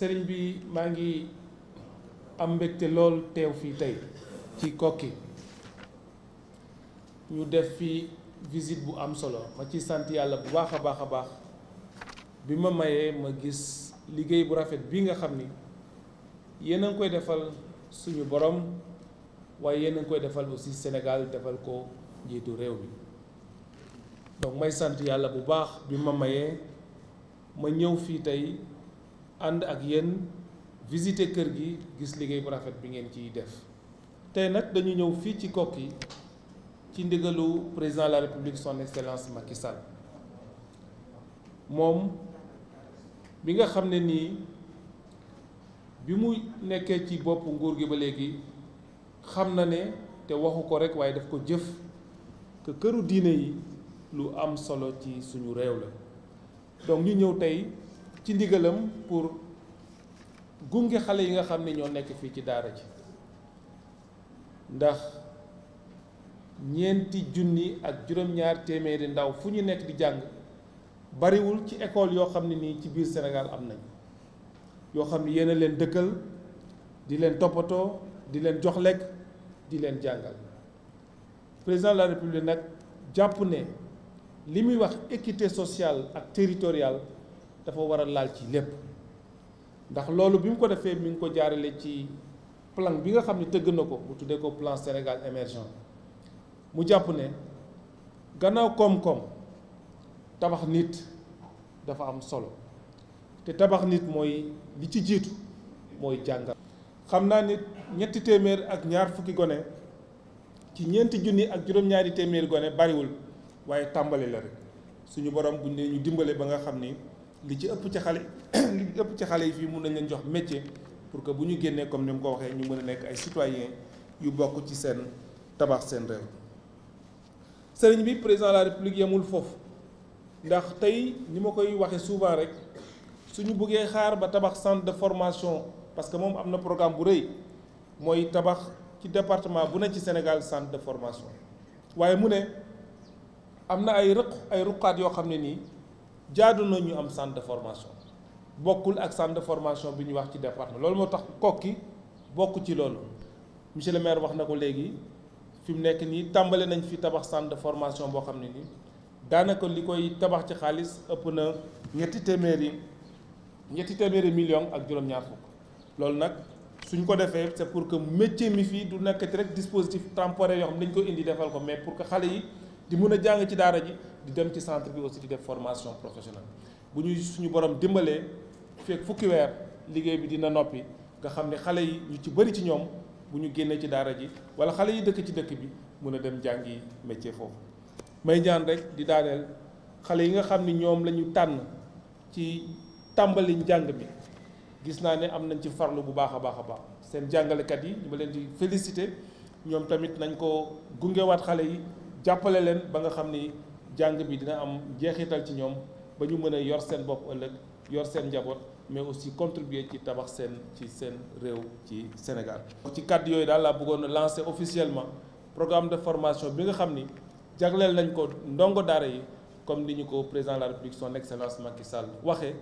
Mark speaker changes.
Speaker 1: sëriñ bi maa ngi am mbégte lool teew fii tey ci kokki ñu def fi visite bu am solo ma ci sant yàlla bu baax a baax a baax bi ma mayee ma gis liggéey bu rafet bi nga xam ni yéen a ngi koy defal suñu boroom waaye yéen a ngi koy defal aussi Sénégal defal ko njiitu réew mi donc may sant yàlla bu baax bi ma mayee ma ñëw fii tey ànd ak yéen visité kër gi gis liggéey bu rafet bi ngeen ciy def tey nag dañu ñëw fii ci Koki ci ndigalu président de la république son excellence Macky Sall moom bi nga xam ne nii bi mu nekkee ci bopp nguur gi ba léegi xam na ne te waxu ko rek waaye daf ko jëf que këru diine yi lu am solo ci suñu réew la donc ñu ñëw tey ci ndigalam pour gunge xale yi nga xam ne ñoo nekk fii ci daara ji ndax ñeenti junni ak juróom-ñaar téeméeri ndaw fu ñu nekk di jàng bariwul ci école yoo xam ne nii ci biir Sénégal am nañ yoo xam ne yéen leen dëkkal di leen toppatoo di leen jox lekk di leen jàngal président de la république nag jàpp ne li muy wax équité sociale ak territoriale dafa war a laal ci lépp ndax loolu bi mu ko defee mi ngi ko jaarale ci plan bi nga xam ni tëgg na ko bu tuddee ko plan Sénégal émergent mu jàpp ne gannaaw koom-koom tabax nit dafa am solo te tabax nit mooy li ci jiitu mooy jàngal. xam naa nit ñetti téeméer ak ñaar fukki gone ci ñeenti junni ak juróom-ñaari téeméeri gone bariwul waaye tàmbali la rek suñu borom buñ ne ñu dimbale ba nga xam ni. li ci ëpp ci xale li ci ëpp ci xale yi fii mun nañ leen jox métier pour que bu ñu génnee comme ni mu ko waxee ñu mën a nekk ay citoyens yu bokk ci seen tabax seen réew. sëriñ bi président de la république yemul foofu ndax tey ni ma koy waxee souvent rek suñu buggee xaar ba tabax centre de formation parce que moom am na programme bu rëy mooy tabax ci département bu ne ci Sénégal centre de formation waaye mu ne am na ay rëq ay ruqaat yoo xam ne nii. jaadu na ñu am centre de formation bokkul ak centre de formation bi ñu wax ci département loolu moo tax kokki bokk ci loolu monsieur le maire wax na ko léegi fi mu nekk nii tàmbale nañ fi tabax centre de formation boo xam ne nii daanaka li koy tabax ci xaalis ëpp na ñetti téeméeri ñetti téeméeri million ak juróom-ñaar loolu nag suñ ko defee c'est pour que métier mi fii du nekkati rek dispositif temporaire yoo xam dañ ko indi defal ko mais pour que xale yi di mun a jàng ci daara ji di dem ci centre bi aussi di def formation professionnelle bu ñuy suñu borom dimbalee fekk fukki weer liggéey bi dina noppi nga xam ne xale yi ñu ci bëri ci ñoom bu ñu génnee ci daara ji wala xale yi dëkk ci dëkk bi mun a dem jàngi métier foofu. may ñaan rek di daaneel xale yi nga xam ni ñoom la tànn ci tàmbali njàng bi gis naa ne am nañ ci farlu bu baax a baax a baax seen jàngalekat yi ñu ma leen di félicité ñoom tamit nañ ko gungewaat xale yi. jàppale leen ba nga xam ni jàng bi dina am jeexital ci ñoom ba ñu mën a yor seen bopp ëllëg yor seen njaboot mais aussi contribuer ci tabax seen ci seen réew ci Sénégal. ci kàddu yooyu daal la bëggoon a lancer officiellement programme de formation bi nga xam ni jagleel nañ ko ndongo daara yi comme ni ñu ko président de la République son excellence Macky Sall waxee.